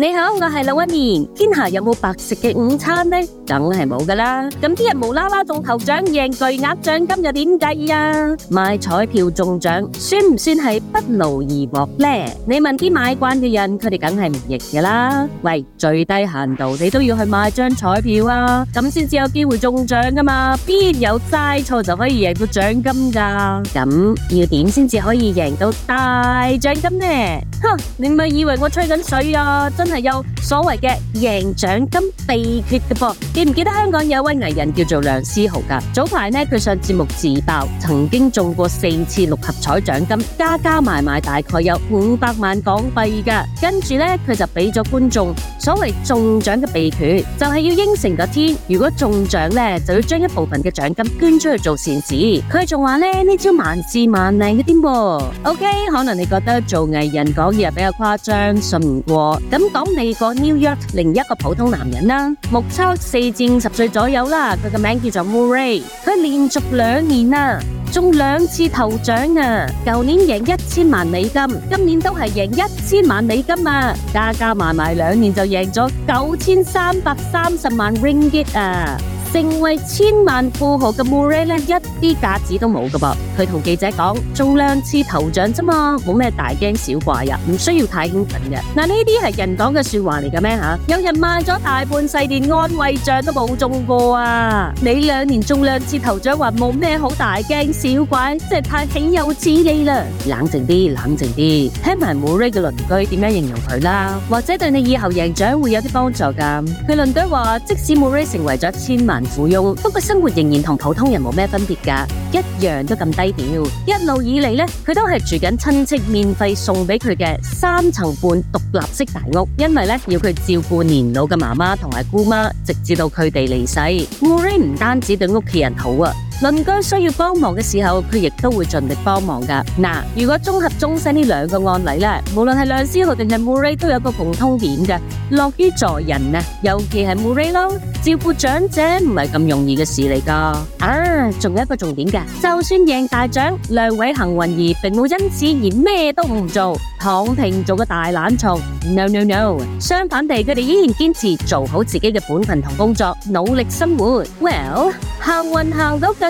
你好，我是老一年。天下有冇有白食嘅午餐呢？梗係冇㗎啦。咁啲人無啦啦中頭獎贏巨額獎金又點計呀？買彩票中獎算唔算係不勞而穫呢？你問啲買慣嘅人，佢哋梗係唔認㗎啦。喂，最低限度你都要去買張彩票啊，咁先至有機會中獎㗎嘛。邊有齋錯就可以贏到獎金㗎？咁要點先至可以贏到大獎金呢？哼，你咪以為我吹緊水啊？真。真係有所謂嘅贏獎金秘訣嘅噃。記唔記得香港有位藝人叫做梁思豪噶？早排呢，佢上節目自爆曾經中過四次六合彩獎金，加加埋埋大概有五百萬港幣噶。跟住呢，佢就俾咗觀眾所謂中獎嘅秘訣，就係要應承個天，如果中獎呢，就要將一部分嘅獎金捐出去做善事。佢仲話呢，呢招萬事萬靈嘅添噃。OK，可能你覺得做藝人講嘢比較誇張，信唔過咁講美國 New York 另一個普通男人啦，目測四至五十歲左右啦，佢個名叫做 Murray，佢連續兩年啊，中兩次頭獎啊，舊年贏一千萬美金，今年都係贏一千萬美金啊，加加埋埋兩年就贏咗九千三百三十萬 Ringgit 啊！成為千萬富豪嘅 Murray 咧，一啲架子都冇噶噃。佢同記者講：中兩次頭獎啫嘛，冇咩大驚小怪呀、啊，唔需要太興奮嘅。嗱，呢啲係人講嘅說話嚟嘅咩吓？有人賣咗大半世，連安慰獎都冇中過啊！你兩年中兩次頭獎，還冇咩好大驚小怪，真係太豈有此理啦！冷靜啲，冷靜啲，聽埋 Murray 嘅鄰居點樣形容佢啦，或者對你以後贏獎會有啲幫助噶。佢鄰居話：即使 Murray 成為咗千萬，不過生活仍然同普通人冇咩分別㗎，一樣都咁低調。一路以嚟呢，佢都係住緊親戚免費送俾佢嘅三層半獨立式大屋，因為呢，要佢照顧年老嘅媽媽同埋姑媽，直至到佢哋離世。Marie 唔單止對屋企人好啊。鄰居需要幫忙嘅時候，佢亦都會盡力幫忙噶。嗱，如果綜合鐘聲呢兩個案例咧，無論係梁思浩定係 Murray 都有個共通點噶，樂於助人啊，尤其係 Murray 咯，照顧長者唔係咁容易嘅事嚟噶。啊，仲有一個重點嘅，就算贏大獎，兩位行運兒並冇因此而咩都唔做，躺平做個大懶蟲。No no no，相反地，佢哋依然堅持做好自己嘅本分同工作，努力生活。Well，行運行到咁。